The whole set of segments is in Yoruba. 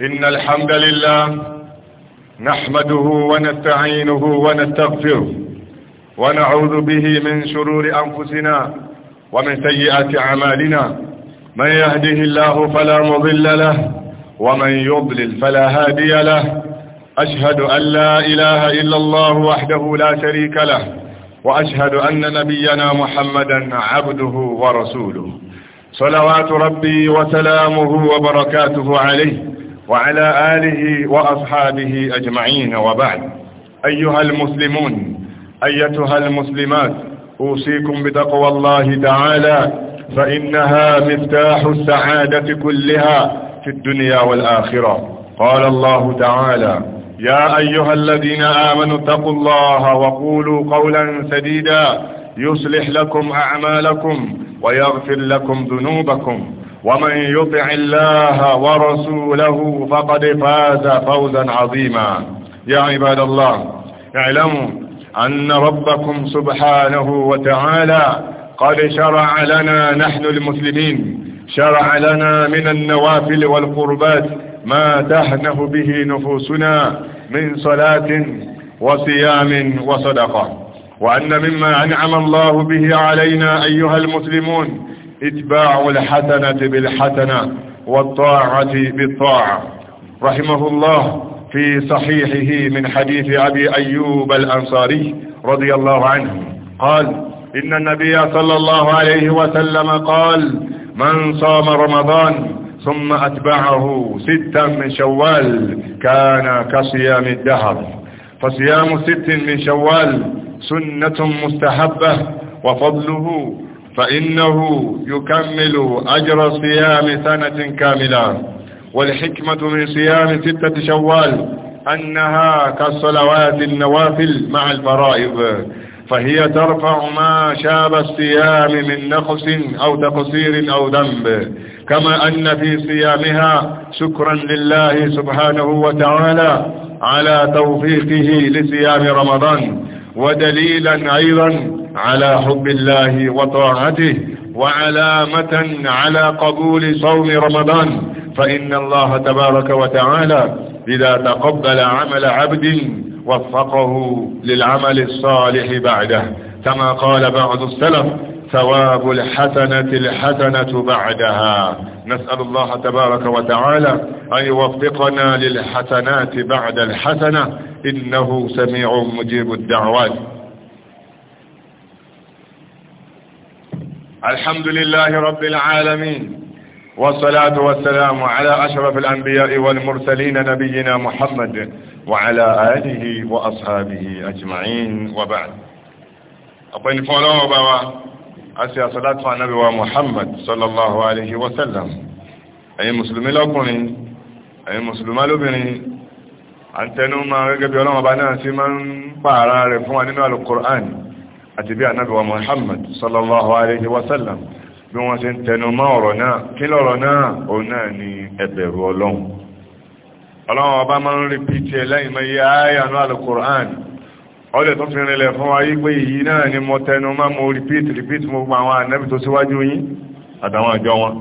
إن الحمد لله نحمده ونستعينه ونستغفره ونعوذ به من شرور أنفسنا ومن سيئات أعمالنا من يهده الله فلا مضل له ومن يضلل فلا هادي له أشهد أن لا إله إلا الله وحده لا شريك له وأشهد أن نبينا محمدا عبده ورسوله صلوات ربي وسلامه وبركاته عليه وعلى آله وأصحابه أجمعين وبعد أيها المسلمون أيتها المسلمات أوصيكم بتقوى الله تعالى فإنها مفتاح السعادة كلها في الدنيا والآخرة قال الله تعالى يا أيها الذين آمنوا اتقوا الله وقولوا قولا سديدا يصلح لكم أعمالكم ويغفر لكم ذنوبكم ومن يطع الله ورسوله فقد فاز فوزا عظيما يا عباد الله اعلموا أن ربكم سبحانه وتعالى قد شرع لنا نحن المسلمين شرع لنا من النوافل والقربات ما تهنه به نفوسنا من صلاة وصيام وصدقة وأن مما أنعم الله به علينا أيها المسلمون اتباع الحسنة بالحسنة والطاعة بالطاعة رحمه الله في صحيحه من حديث أبي أيوب الأنصاري رضي الله عنه قال إن النبي صلى الله عليه وسلم قال من صام رمضان ثم أتبعه ستا من شوال كان كصيام الدهر فصيام ست من شوال سنة مستحبة وفضله فإنه يكمل أجر صيام سنة كاملة والحكمة من صيام ستة شوال أنها كالصلوات النوافل مع الفرائض فهي ترفع ما شاب الصيام من نقص أو تقصير أو ذنب كما أن في صيامها شكرا لله سبحانه وتعالى على توفيقه لصيام رمضان ودليلا أيضا على حب الله وطاعته وعلامة على قبول صوم رمضان فإن الله تبارك وتعالى إذا تقبل عمل عبد وفقه للعمل الصالح بعده كما قال بعض السلف ثواب الحسنة الحسنة بعدها نسأل الله تبارك وتعالى أن يوفقنا للحسنات بعد الحسنة إنه سميع مجيب الدعوات الحمد لله رب العالمين والصلاة والسلام على أشرف الأنبياء والمرسلين نبينا محمد وعلى آله وأصحابه أجمعين وبعد أطين فولو بوا أسيا صلاة النبي محمد صلى الله عليه وسلم أي مسلمي لكم أي مسلمة لبني أنتنوا ما رجب يولوم بنا سيما فعلا رفوان القرآن àti bí anábíwa Muhammad sallallahu alaihi wasallam bí wọ́n ṣe ń tẹnu mọ́ ọ̀rọ̀ náà kí lọ́rọ̀ náà òun náà ni ẹ̀bẹ̀rù ọlọ́run ọlọ́run ọba máa ń rí pt lẹ́yìn mọ́ iye ayánú alukur'an ọdẹ̀ tó fi rinlẹ̀ fún wa yípe yìí náà ni mo tẹnu mọ́ mo repeat repeat mo gba àwọn anábì tó síwájú yín àtàwọn àjọ wọn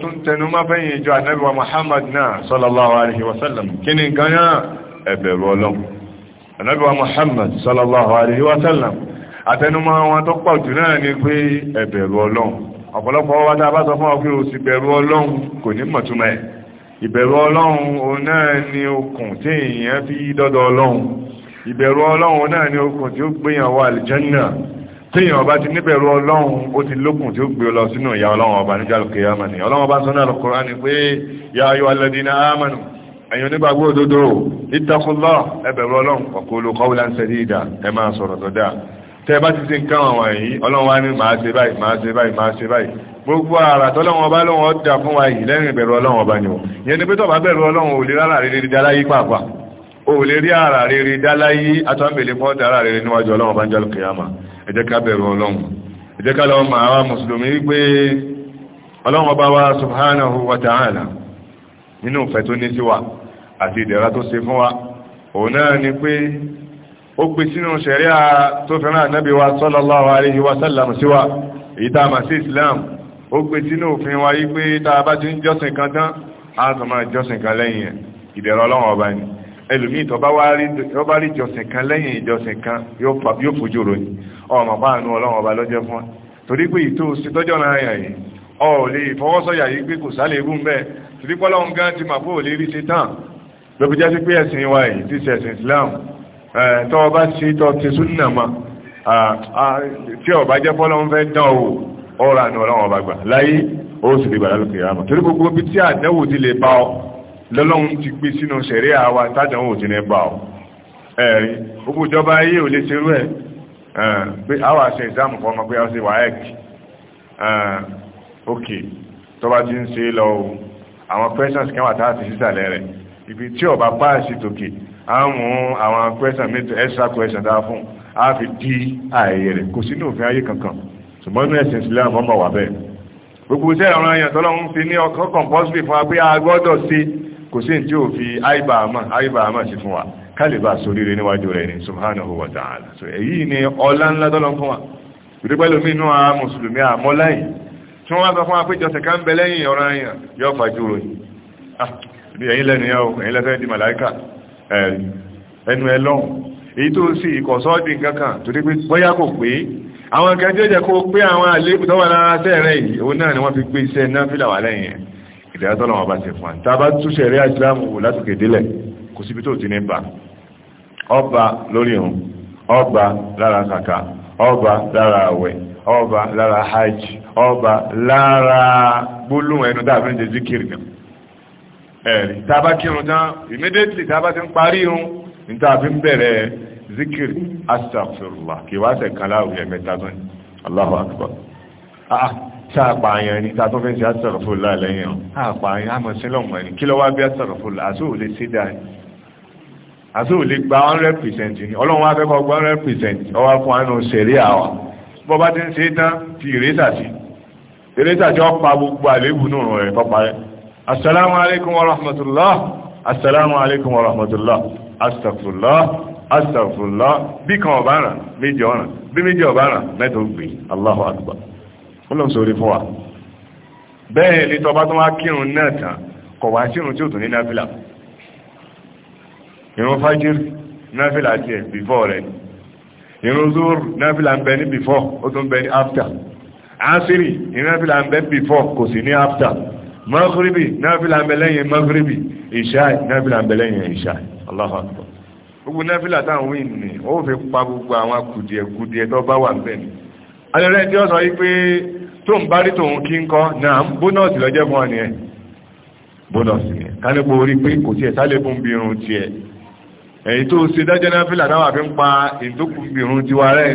tún tẹnu mọ́ fẹ́yìn ìjọ anábíwa Muhammad náà sallallahu alaihi kí ni nǹkan náà ẹ̀bẹ̀rù ọlọ́run anábíwa Muhammad sallallahu alaihi àtẹnumọ́ wọn tó pọ̀ jù náà ni pé ẹ bẹ̀rù ọlọ́run ọ̀pọ̀lọpọ̀ wa tá a bá sọ fún ọ pé o sì bẹ̀rù ọlọ́run kò ní mọ̀túmọ̀ ẹ̀ ìbẹ̀rù ọlọ́run òun náà ni okùn tí èèyàn fi dọ́dọ̀ ọlọ́run ìbẹ̀rù ọlọ́run náà ni okùn tí ó gbéyàn wọ àlìjẹ́nà tíyàn ti níbẹ̀rù ọlọ́run ó ti lókùn tí ó gbé lọ sínú ìyá ọlọ́run ọba níjà lókè amani ọlọ́run ọba sọ́nà Al-Qur'ani ya ayyuha alladhina amanu ẹ̀yin onígbàgbọ́ òdodo ittaqullah ẹ bẹ̀rù ọlọ́run wa qulu qawlan sadida ẹ máa sọ̀rọ̀ tó tẹ bá ti ṣe nǹkan àwọn yìí ọlọ́run wá ní màá ṣe báyìí màá ṣe báyìí màá ṣe báyìí gbogbo ara tọ́lọ́wọ́n ọba lọ́wọ́ dà fún wa yìí lẹ́yìn ìbẹ̀rù ọlọ́run ọba ni wọ́n yẹn ni pé tọ́ba bẹ̀rù ọlọ́run ò lè rárá rere dáláyé pàápàá ò lè rí ara rere dáláyé atọ́mẹ̀lẹ̀ fọ́ dára rere níwájú ọlọ́run ọba ń jẹ́ kíyámà ẹ jẹ́ ká bẹ̀rù ọlọ́run ẹ jẹ́ ká lọ mọ àwa mùsùlùmí wípé ọlọ́run ọba wa subhanahu wa ta'ala nínú ìfẹ́ tó ní sí wa àti ìdẹ̀ra tó ṣe fún wa òun náà ni pé ó gbé sínú ṣẹ̀ríà tó fẹ́ràn ànábì wa sallallahu alaihi wa sallam síwá èyí tá a mà sí islam ó gbé sínú òfin wa yìí pé tá a bá ti ń jọ́sìn kan tán á tó máa jọ́sìn kan lẹ́yìn ẹ̀ ìbẹ̀rẹ̀ ọlọ́run ọba ni ẹlòmíì tó bá wá rí jọ́sìn kan lẹ́yìn ìjọ́sìn kan yóò fojú ro ni ọmọ páànù ọlọ́run ọba lọ́jọ́ fún torí pé ìtò sí náà yà yìí ọ tọ́wọ́ bá ṣe tọ́ ti súnà ma tí ọba jẹ́ bọ́lọ́ ń fẹ́ dán owó ọ̀rọ̀ àná ọlọ́wọ́n ọba gbà láyé ó sì lè bàdá lókè àmà torí gbogbo bí tí àdánwò ti lè bá ọ lọ́lọ́run ti gbé sínú sẹ̀rí àwa tádánwò ti lè bá ọ ẹ̀rí gbogbo ìjọba ayé ò lè ṣerú ẹ̀ pé àwa ṣe ìsáàmù fọmọ pé a ṣe wáyẹ̀k òkè tọ́ba ti ń ṣe lọ àwọn pẹ́sọ̀nsì kẹwàá tá a ti sísàlẹ̀ rẹ̀ ibi tí ọba páàsì tòkè a mú àwọn question mi extra question dáa fún a fi dí ààyè rẹ̀ kò sínú òfin ayé kankan ṣùgbọ́n inú ẹ̀sìn Islam ọmọ wà bẹ́ẹ̀ gbogbo iṣẹ́ àwọn èèyàn tọ́lọ́run fi ní ọkọ̀ compulsory fún wa pé a gbọ́dọ̀ sí kò sí tí ó fi àìbàmà àìbàmà sí fún wa kálíbà sóríire níwájú rẹ̀ ní subhanahu wa ta'ala so èyí ni ọlá ńlá tọ́lọ́run fún wa ìdúpẹ́lú mi náà mùsùlùmí àmọ́láyìn tí wọ́n sọ fún ẹ̀rí ẹnu ẹlọ́run èyí tó sì ìkọ̀sọ́ọ̀dì kankan torí pé bóyá kò pé àwọn kan tí ó jẹ́ kó pé àwọn àléébù tó wà lára sẹ́ẹ̀rẹ́ yìí òun náà ni wọ́n fi gbé iṣẹ́ náfìlà wà lẹ́yìn ẹ̀ ìdájọ́ lọ́wọ́ bá ti fún wa tá a bá tún ṣẹ̀rí àìsílámù wò látòkè délẹ̀ kò síbi tó ti ọba lára hajj ọba lára gbólóhùn ẹnu dáàbí ń zikiri náà ẹ̀rí tábà kírun tán immediately tábà ti ń parí irun níta fi ń bẹ̀rẹ̀ zikir astaghfirullah kì wá sẹ̀ kan láwùjọ mẹ́ta tó ní Allahu akbar ah sáàpààyàn ah, ní tàbí fẹ́ sí astaghfirullah lẹ́yìn ọ̀ àpààyàn àmọ̀ sílọ̀mọ̀ ní kí lọ wá bí astaghfirullah àti ò lè sí dáa àti ò lè gba 100% ní ọlọ́run wá fẹ́kọ̀ọ́ gba 100% ọwá fún àánú sẹ̀rí àwà bọ́ bá ti ń ṣe tán fi ìrẹ́sà sí ìrẹ́sà sí ọ̀pá السلام عليكم ورحمة الله السلام عليكم ورحمة الله استغفر الله استغفر الله بكم وبانا ميجي وانا بميجي وبانا مدوبي الله أكبر كلهم سوري فوا bẹ́ẹ̀ lè tọba tó wá kírun náà tán kọ̀ wá sírun tí ó tún ní náfílà ìrun fájírì náfílà ti ẹ̀ bífọ́ rẹ̀ ìrun zúr náfílà ń bẹ ní bífọ́ ó tún bẹ ní áftà ásírì ìrun náfílà ń bẹ bífọ́ kò sí ní áftà magribi náfílà mẹ́lẹ́yìn magribi ìṣáì náfílà mẹ́lẹ́yìn ìṣáì Allahu Akbar gbogbo náfílà táwọn wí ní ó fi pa gbogbo àwọn kùdìẹ̀kùdìẹ̀ tó bá wà bẹ́ẹ̀ ni alẹ́rẹ́ tí ó sọ yí pé tó ń bá rí tòun kí ń kọ́ náà bónọ́ọ̀sì lọ́jẹ́ fún ọ nìyẹn bónọ́ọ̀sì ni kánípo orí pé kò tiẹ̀ sálẹ́kùn bí irun tiẹ̀ èyí tó ṣe dájẹ́ náfílà táwọn àfi ń pa ìdókùn bí tiwa rẹ̀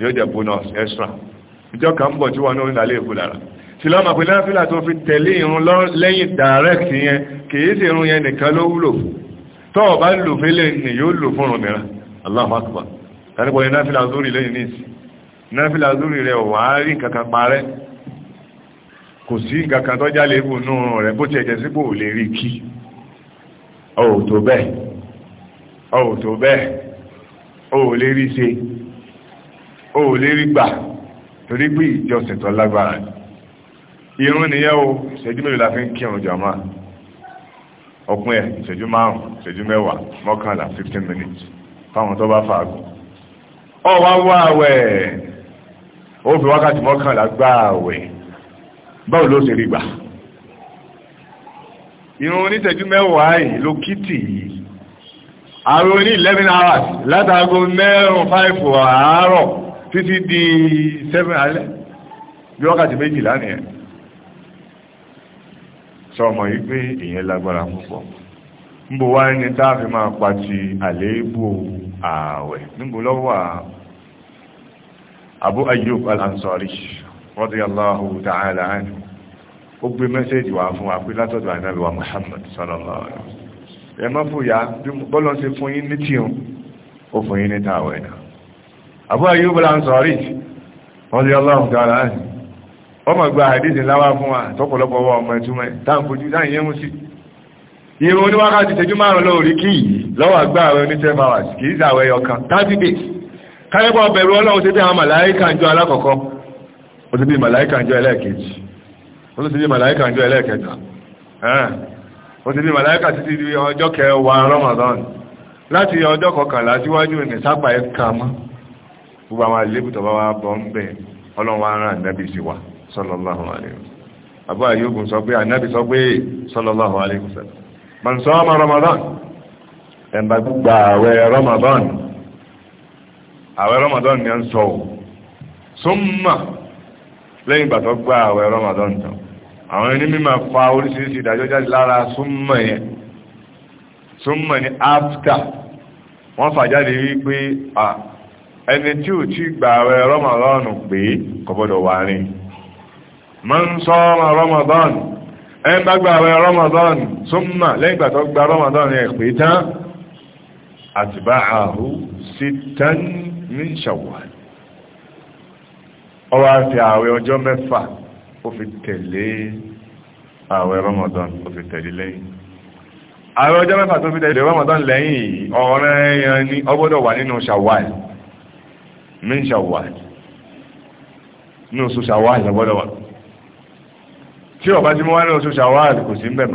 yóò jẹ́ bónọ́ọ̀sì extra ìjọ tí lọ́mà pé náfílà tó fi tẹ̀lé irun lẹ́yìn direct yẹn kìí sí irun yẹn nìkan ló wúlò fún tọ́ọ̀ bá lò fẹ́lẹ̀ ni yóò lò fún ọ̀rọ̀ mìíràn Allahu Akbar tàbíkọ́ ni náfílà zórí lẹ́yìn níìsì náfílà zórí rẹ̀ wà á rí kankan parẹ́ kò sí kankan tó jálè ibù nù rẹ̀ bó ti ẹ̀jẹ̀ sípò lè rí kí ọ̀rọ̀ tó bẹ́ẹ̀ ọ̀rọ̀ tó bẹ́ẹ̀ ọ̀rọ̀ lè rí ṣe ọ̀rọ̀ lè rí gbà torí pé ìjọsìn tó lágbára ni irun nìyẹn o ìṣẹ́jú mélòó la fi ń kírun jàmá ọpin ẹ̀ ìṣẹ́jú márùn ìṣẹ́jú mẹ́wàá mọ́kànlá fifteen minutes fáwọn tó bá fàágùn ọ wá wá àwẹ̀ ó fi wákàtí mọ́kànlá gbá àwẹ̀ báwo ló ṣe rí gbà irun oníṣẹ́jú mẹ́wàá yìí ló kìtì yìí àwọn oní eleven hours látàgò mẹ́rùn five àárọ̀ títí di seven alẹ́ bí wákàtí méjìlá nìyẹn sọmọ yìí pé ìyẹn lágbára púpọ̀ níbo wá ní táàfin máa pàtì àléébù ààwẹ̀ níbo lọ́wọ́ Abu Ayyub al-Ansari radiyallahu ta'ala anhu ó gbé mẹ́sẹ̀jì wá fún wa pé látọ̀dọ̀ Ànábì Muhammad sallallahu alaihi ọmọ gba àdíjì láwá fún wa tọ́pọ̀lọpọ̀ wọ ọmọ ẹ̀túnmọ̀ táàkójú táà yẹ́ mú sí ìrìn oníwákàtí tẹjú márùn lóòrí kí yìí lọ́wọ́ àgbà àwẹ̀ oní 7 hours kìí sàwẹ̀ ọkàn 30 days káyẹ́pọ̀ bẹ̀rù ọlọ́run ṣe bí àwọn màláíkà ń jọ alákọ̀ọ́kọ́ ó ti bí màláíkà ń jọ ẹlẹ́ẹ̀kejì ó ti bí màláíkà ń ọlọ́run wa ń ràn nẹ́bí sí wa sallallahu alayhi wa sallam Abu Ayyub sọ pé ànábì sallallahu alayhi wa sallam Ramadan ẹ̀mbà gbogbo àwẹ̀ Ramadan àwẹ̀ Ramadan ni a ń sọ ò súnmà lẹ́yìn ìgbà tó gba Ramadan tán àwọn ẹni mímọ̀ fa oríṣiríṣi ìdájọ́ jáde lára súnmà yẹn súnmà ni after wọ́n fà jáde wípé ẹni tí ò tí gba àwẹ̀ Ramadan pé kò gbọ́dọ̀ wà rìn man sọ́ọ́mà Ramadan ẹ bá gba àwẹ̀ Ramadan súnmà lẹ́gbà tó gba Ramadan ẹ̀ pé tán atba'ahu sittan min Shawwal ó wá fi àwẹ̀ ọjọ́ mẹ́fà ó fi tẹ̀lé àwẹ̀ Ramadan ó fi tẹ̀lé lẹ́yìn àwẹ̀ ọjọ́ mẹ́fà tó fi tẹ̀lé Ramadan lẹ́yìn ọ̀rẹ́ ẹ̀yàn ni ó wà nínú Shawwal min Shawwal ní oṣù Shawwal ló wà tí ọba tí mo wá ní oṣù ṣàwáàlì kò sí ń bẹ̀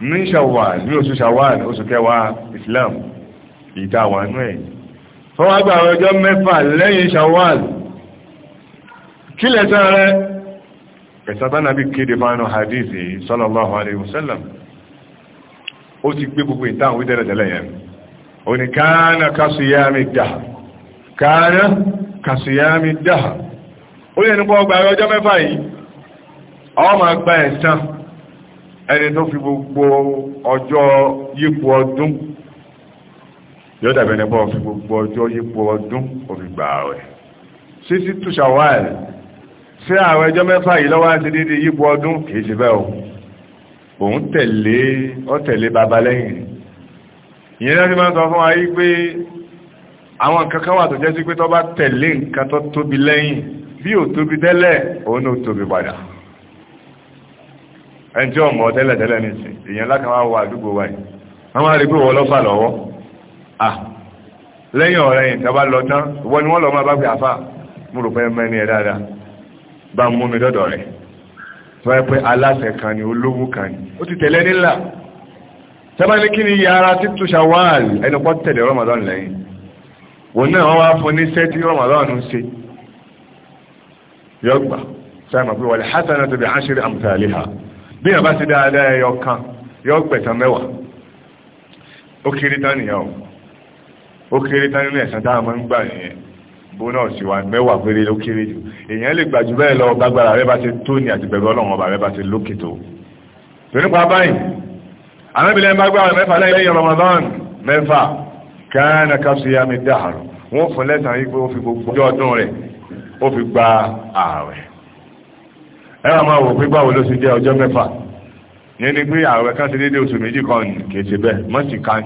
ní ní oṣù oṣù kẹwàá Islam ìta àwọn ẹ̀ fọwọ́ ọjọ́ mẹ́fà lẹ́yìn kí lẹ́sàn rẹ ẹ̀sán bá kéde fánà hadith sallallahu alaihi wasallam ó ti gbé gbogbo ìtàn wí yẹn ó ní dáhà àwọn máa gba ẹ̀san ẹni tó fi gbogbo ọjọ́ yípo ọdún yóò dàbẹ̀ nípa fi gbogbo ọjọ́ yípo ọdún òfin gbà rẹ̀ sí sí tùṣàwáàlì sí àwọn ẹjọ́ mẹ́fà yìí lọ́wọ́ àti dídí yípo ọdún kìí ṣe bẹ́ẹ̀ o òun tẹ̀lé ọ tẹ̀lé baba lẹ́yìn ìyẹn láti máa sọ fún wa yí pé àwọn nǹkan kan wà tó jẹ́ sí pé tó bá tẹ̀lé nǹkan tó tóbi lẹ́yìn bí ò tóbi tẹ́lẹ̀ òun ò tóbi padà ẹni tí ọmọ tẹ́lẹ̀ tẹ́lẹ̀ ní sí èèyàn lákan wá wọ àdúgbò wa yìí wọ́n máa rí pé wọ́n lọ́fà lọ́wọ́ à lẹ́yìn ọ̀rẹ́ yìí tẹ́bá lọ tán wọ́n ni wọ́n lọ máa bá pé àfà mo rò pé mẹ́ni ẹ̀ dáadáa bá mú mi dọ́dọ̀ rẹ̀ tó yẹ pé aláṣẹ kan ni olówó kan ni ó ti tẹ̀lé nílà tẹ́bá ní kí ni iye ara títú ṣàwáàl ẹni pọ́ tẹ̀lé Ramadan lẹ́yìn òun náà wọ́n wá fún ní sẹ́tí Ramadan ń ṣe yọgbà sáà mọ̀ pé wal hasanatu bi ashri amthaliha bí yàn bá ti dáadáa ẹyọ kan yọ gbẹ̀san mẹ́wàá ó kéré tán nìyẹn o ó kéré tán nínú ẹ̀san táwọn máa ń gbà nìyẹn bónọ́ọ̀sì wa mẹ́wàá péré ló kéré jù èèyàn lè gbàjú bẹ́ẹ̀ lọ gbàgbára rẹ bá ti tó ní àti bẹ̀rẹ̀ ọlọ́run ọba rẹ bá ti lókè tó torípa báyìí anábìlẹ̀ ń bá gbára mẹ́fà lẹ́yìn Ramadan mẹ́fà káàna káfíyàmí dáhàrù wọ́n fún lẹ́sàn-án yìí pé ó fi gbogbo ọdún rẹ̀ ó fi gba ààrẹ̀ ẹwà máa wò pé báwo ló ṣe jẹ́ ọjọ́ mẹ́fà ní ni pé ààrẹ kan ṣe déédé oṣù méjì kan kèsè bẹ́ẹ̀ mọ́sí kan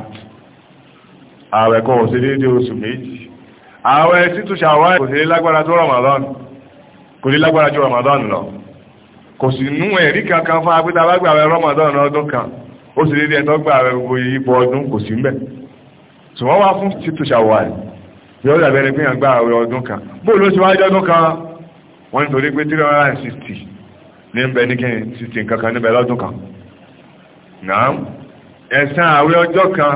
ààrẹ kan ò ṣe déédé oṣù méjì ààrẹ títú ṣàwárẹ̀ kò ṣe lágbára tó Ramadan kò lè lágbára ju Ramadan lọ kò sì nú ẹ̀rí kankan fún agbẹ́ta bá ààrẹ Ramadan ọdún kan ó sì déédé ẹ̀tọ́ gbà ààrẹ gbogbo ipò ọdún kò sí mbẹ̀ tí wọ́n wá fún títú ṣàwárẹ̀ yóò dàbẹ̀rẹ̀ pé àgbà ààrẹ ọdún kan bóòlù ó ti wájú ọdún kan wọ́n nítorí pé 360 ní ń bẹ ní kí n ti nǹkankan níbẹ̀ lọ́dún kan náà ẹ̀san àwẹ̀ ọjọ́ kan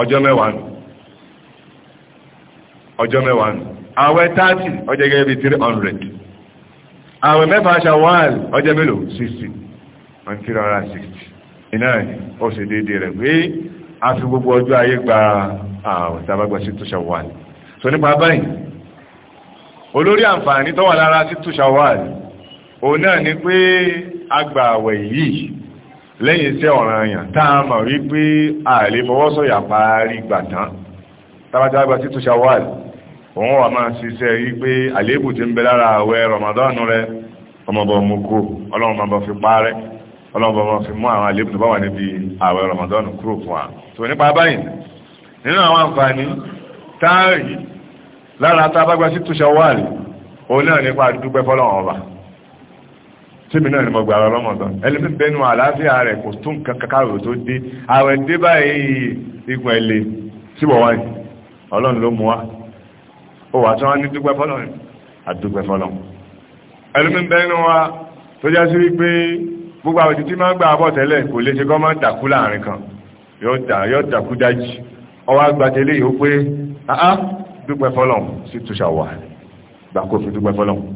ọjọ́ mẹ́wàá nù ọjọ́ mẹ́wàá nù àwẹ̀ tààtì ọjọ́ gẹ́gẹ́ bí three hundred àwẹ̀ mẹ́fà ṣàwọ́n ọjọ́ mélòó sixty one three hundred and sixty iná ó sì déédéé rẹ̀ pé a fi gbogbo ọjọ́ ayé gba àwẹ̀ tàbágbà sí tún ṣàwọ́n so nípa báyìí olórí àǹfààní tó wà lára sí tún ṣàwọ́n òun náà ni pé agbà àwẹ̀ yìí lẹ́yìn iṣẹ́ ọ̀ràn àyàn tá a mọ̀ wípé ààlè fọwọ́sọ̀yà parí gbàtán tábátá gba títú ṣawal òun wà máa ṣiṣẹ́ wípé àlébù ti ń bẹ lára àwẹ̀ Ramadan rẹ ọmọbọ̀ mú kúrò ọlọ́run máa bọ̀ fi parẹ́ ọlọ́run máa fi mú àwọn àlébù tó bá wà níbi àwẹ̀ Ramadan kúrò fún wa tó nípa báyìí nínú àwọn àǹfààní táàrí lára tábágbá títú ṣawal òun náà nípa dúpẹ́ tèmi náà ni mo gbà lọ́mọ tán ẹlẹ́mí bẹnu àlàáfíà rẹ̀ kò tún kankan káàrò tó dé àwẹ̀ dé báyìí igun ẹ̀lẹ́ síbọ̀ wáyé ọlọ́run ló mú wa ó wà tí wọ́n ní dúpẹ́ fọ́lọ́ ni àdúpẹ́ fọ́lọ́ ẹlẹ́mí bẹnu wa tó já sí wípé gbogbo àwọn títí máa ń gbà bọ̀ tẹ́lẹ̀ kò lè ṣe kọ́ máa ń dàkú láàrin kan yóò dàkú dájì ọwọ́ agbátẹ́lẹ̀ yìí ó pé dúpẹ́ fọ́lọ́ sí túṣà wà gbàkó fi dúpẹ́ fọ́lọ́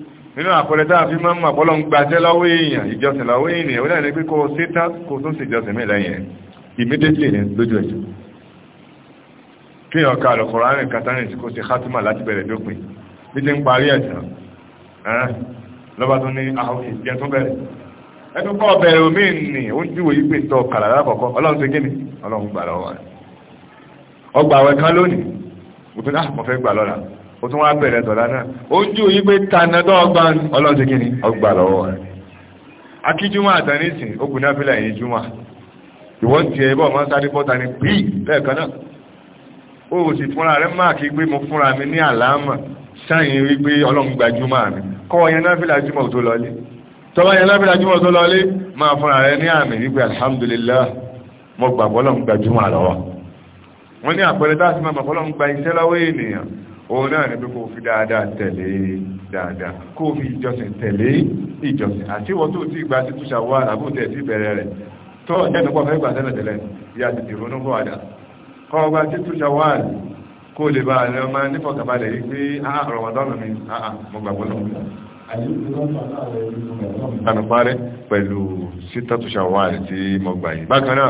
nínú àpẹẹrẹ tá a fi máa ń mọ̀ pọ́lọ́ ń gbaṣẹ́ lọ́wọ́ èèyàn ìjọsìn lọ́wọ́ èèyàn ó dàní pé kó o ṣe tán kó o tún ṣe ìjọsìn mí lẹ́yìn ẹ̀ immediately ní lójú ẹ̀jẹ̀ kí èèyàn ka Al-Qur'an katarin tí kò ṣe khatima láti bẹ̀rẹ̀ dópin bí ti ń parí ẹ̀sán lọ́ba tó ní àwọn ìjẹ́ tó bẹ̀rẹ̀ ẹnu kọ́ bẹ̀rẹ̀ omi nì ó ń júwò yí pé tọ́ kàrà lákọ̀ọ́kọ́ ọlọ́run ṣe gíní ọlọ́run ó tún wá bẹ̀rẹ̀ tọ̀lá náà ojú yí pé tanadọ́ ọgbà ọlọ́sẹ̀ kí ni ọgbà lọ́wọ́ rẹ̀ akíjúmọ́ àtàníṣìn ogun náfílà yìí júmọ́ ìwọ́n ti ẹ̀bọ́ máa sáré bọ́ta ni bí lẹ́ẹ̀kan náà ó sì fúnra rẹ̀ máa kí pé mo fúnra mi ní àlámà sáyìn rí pé ọlọ́run gba júmọ́ mi kọ́ yẹn náfílà júmọ́ tó lọlé tọ́ba yẹn náfílà júmọ́ tó lọlé máa fúnra rẹ̀ ní àmì wípé alhamdulillah mo gbàgbọ́ ọlọ́run gba júmọ́ lọ́wọ́ wọ́n ní àpẹẹrẹ tá a sì máa gbàgbọ́ ọlọ́run gba iṣẹ́ lọ́wọ́ ènìyàn òun náà ni pé kó fi dáadáa tẹ̀lé dáadáa kó fi ìjọsìn tẹ̀lé ìjọsìn àti ìwọ́n tó ti gba sí túnṣà wà lábò tẹ̀ sí bẹ̀rẹ̀ rẹ̀ tó ẹnìkọ́ fẹ́ gbà ya ti dìrò ní bọ́ àdá kọ́ gba sí túnṣà wà kó lè bá àlẹ́ ọmọ nífọ̀kàbalẹ̀ yìí pé àrọ̀mọ̀dọ́nù mi mo gbàgbọ́ lọ́wọ́ ànàpárẹ́ pẹ̀lú sítọ́tù ṣàwàlì tí mo gbà yìí bákan náà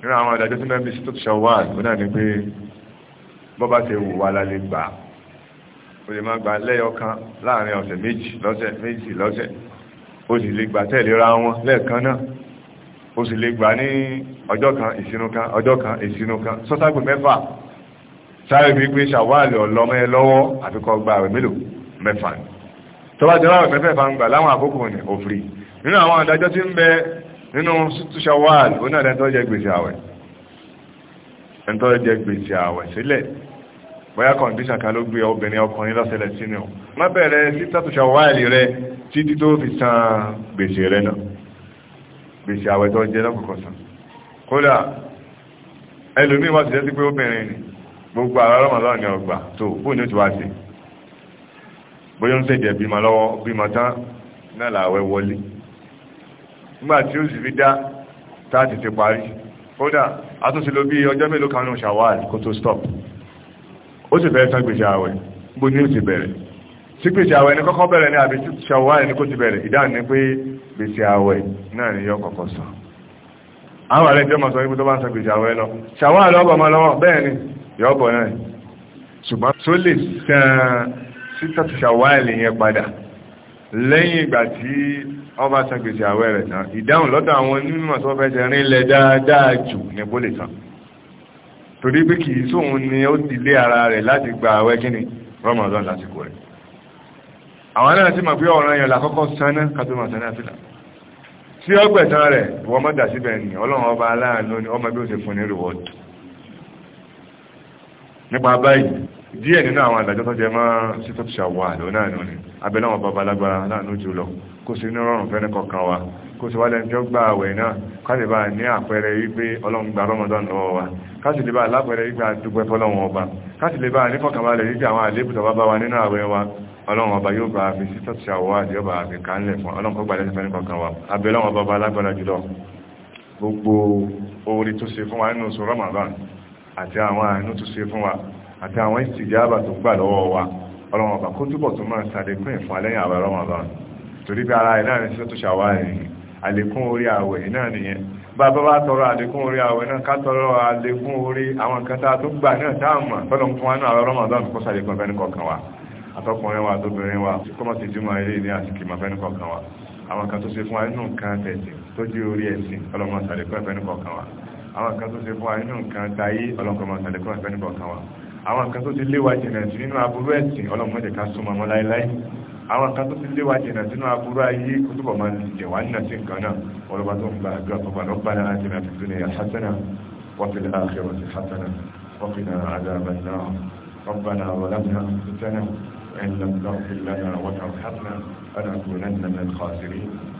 nínú àwọn àdájọ́ tí mẹ́bí sítọ́tù ṣàwàlì ó o lè máa gba lẹ́yọkan láàrin ọ̀sẹ̀ méjì lọ́sẹ̀ méjì lọ́sẹ̀ o sì lè gbà tẹ̀léra wọn lẹ́ẹ̀kan náà o sì lè gbà ní ọjọ́ kan ìsinú kan ọjọ́ kan ìsinú kan sọ́ságbè mẹ́fà sáré gbígbé ṣàwálì ọlọ́mọ ẹ lọ́wọ́ àfikọ́ gba àwẹ̀ mélòó mẹ́fà ni tọ́wọ́ jẹ́ láwọn mẹ́fẹ́ fà ń gbà láwọn àkókò ní òfìrí nínú àwọn àdájọ́ tí ń bẹ nínú ṣàwálì onídàájọ́ jẹ gbèsè àwẹ̀ ẹ̀ńtọ́ jẹ gbèsè àwẹ̀ sílẹ̀ bóyá kọ̀ǹdíṣàn kan ló gbé obìnrin ọkùnrin lọ́sẹ̀lẹ̀ sínú má bẹ̀rẹ̀ sí tàtúnṣà wáìlì rẹ títí tó fi san gbèsè rẹ náà gbèsè àwẹ̀ tó jẹ lọ́kọ̀ọ̀kan san kódà ẹlòmíín wá sí jẹ́ sí pé obìnrin ni gbogbo ara rọmọlọ́wọ́ ni ọgbà tó fún ní òtúwá sí bóyá ń tẹ̀jẹ̀ bímọ lọ́wọ́ bímọ tán náà làwẹ̀ stop ó sì fẹ́ san gbèsè àwẹ̀ bó ní ó ti bẹ̀rẹ̀ sí gbèsè àwẹ̀ ní kọ́kọ́ bẹ̀rẹ̀ ní àbí ṣàwọ́ ní kó ti bẹ̀rẹ̀ ìdáhùn ní pé gbèsè àwẹ̀ náà ni yọ kọ̀kọ́ san àwọn àrẹ tí ó máa sọ wípé tó bá ń san àwẹ̀ lọ ṣàwọ́ àlọ́bọ̀ máa ni yọ́bọ̀ náà ṣùgbọ́n tó lè san sítà ti ṣàwọ́ àlè yẹn padà lẹ́yìn ìgbà tí wọ́n bá san gbèsè àwẹ̀ rẹ̀ tán ìdáhùn lọ́dọ̀ àwọn torí pé kìí sóhun ni ó ti lé ara rẹ̀ láti gba àwẹ̀ kíni Ramadan lásìkò rẹ̀ àwọn náà ma pé ọ̀ràn yẹn lákọ́kọ́ sáná kátólmà sáná fìlà tí ó gbẹ̀tán rẹ̀ wọ́n mọ́ dà síbẹ̀ ní ọlọ́run ọba aláàánú ni ọmọ bí ó ṣe fún ní reward kó sì wálẹ̀ tí ó gba àwẹ̀ náà káṣì bá ní àpẹẹrẹ wípé ọlọ́run gba rọmọdán lọ́wọ́ wa káṣì lè bá lápẹẹrẹ wípé àdúgbẹ́ fọ́lọ́run ọba káṣì lè bá nífọ̀kànbalẹ̀ wípé àwọn àlébùtọ̀ bá bá wa nínú àwẹ̀ wa ọlọ́run ọba yóò bá fi sítọ̀ sí àwọ̀ àti ọba àfi kánlẹ̀ fún ọlọ́run kó gbalẹ̀ fẹ́ nìkan kan wa abẹ́lọ́run ọba ọba lágbára jùlọ gbogbo orí tó ṣe fún wa nínú oṣù ramadan àti àwọn àánú tó ṣe fún torí bí ara ẹ̀ náà ní sí àwọ̀ àlékún orí àwẹ̀ náà nìyẹn bàbá bá tọrọ àlékún orí àwẹ̀ náà ká tọrọ àlékún orí àwọn nǹkan tá a tó gbà náà táàmà tọ́lọ fún wa náà Ramadan kó sàlékún fẹ́ni kọ̀ọ̀kan wa àtọkùnrin wa àtobìnrin wa kọ́mọ̀ sí jùmọ̀ ilé ní àsìkò ìmọ̀ fẹ́ni kọ̀ọ̀kan wa àwọn kan tó ṣe fún wa nínú nǹkan tẹ̀sìn tó jẹ́ orí ẹ̀sìn ọlọ́mọ sàlékún fẹ́ni kọ̀ọ̀kan wa àwọn kan tó ṣe fún wa nínú nǹkan tayé ọlọ́mọ sàlékún fẹ́ni kọ̀ọ̀kan wa àwọn kan tó ti léwà jìnà sí nínú aburú ẹ̀sìn ọlọ́mọ jẹ́ ká súnmọ́ mọ́ láéláé àwọn kan tó ti lé wa jìnà sínú aburú ayé kó túbọ̀ máa jẹ̀ wá nínà sí nǹkan náà ọlọ́ba tó ń gba àdúrà tó bá lọ́gbàdá àti náà tuntun ní hasana wọ́pẹ̀lẹ̀ àkẹrọ sí hasana wọ́pẹ̀lẹ̀ àdàbà náà ربنا ظلمنا انفسنا وان لم تغفر لنا وترحمنا لنكونن من الخاسرين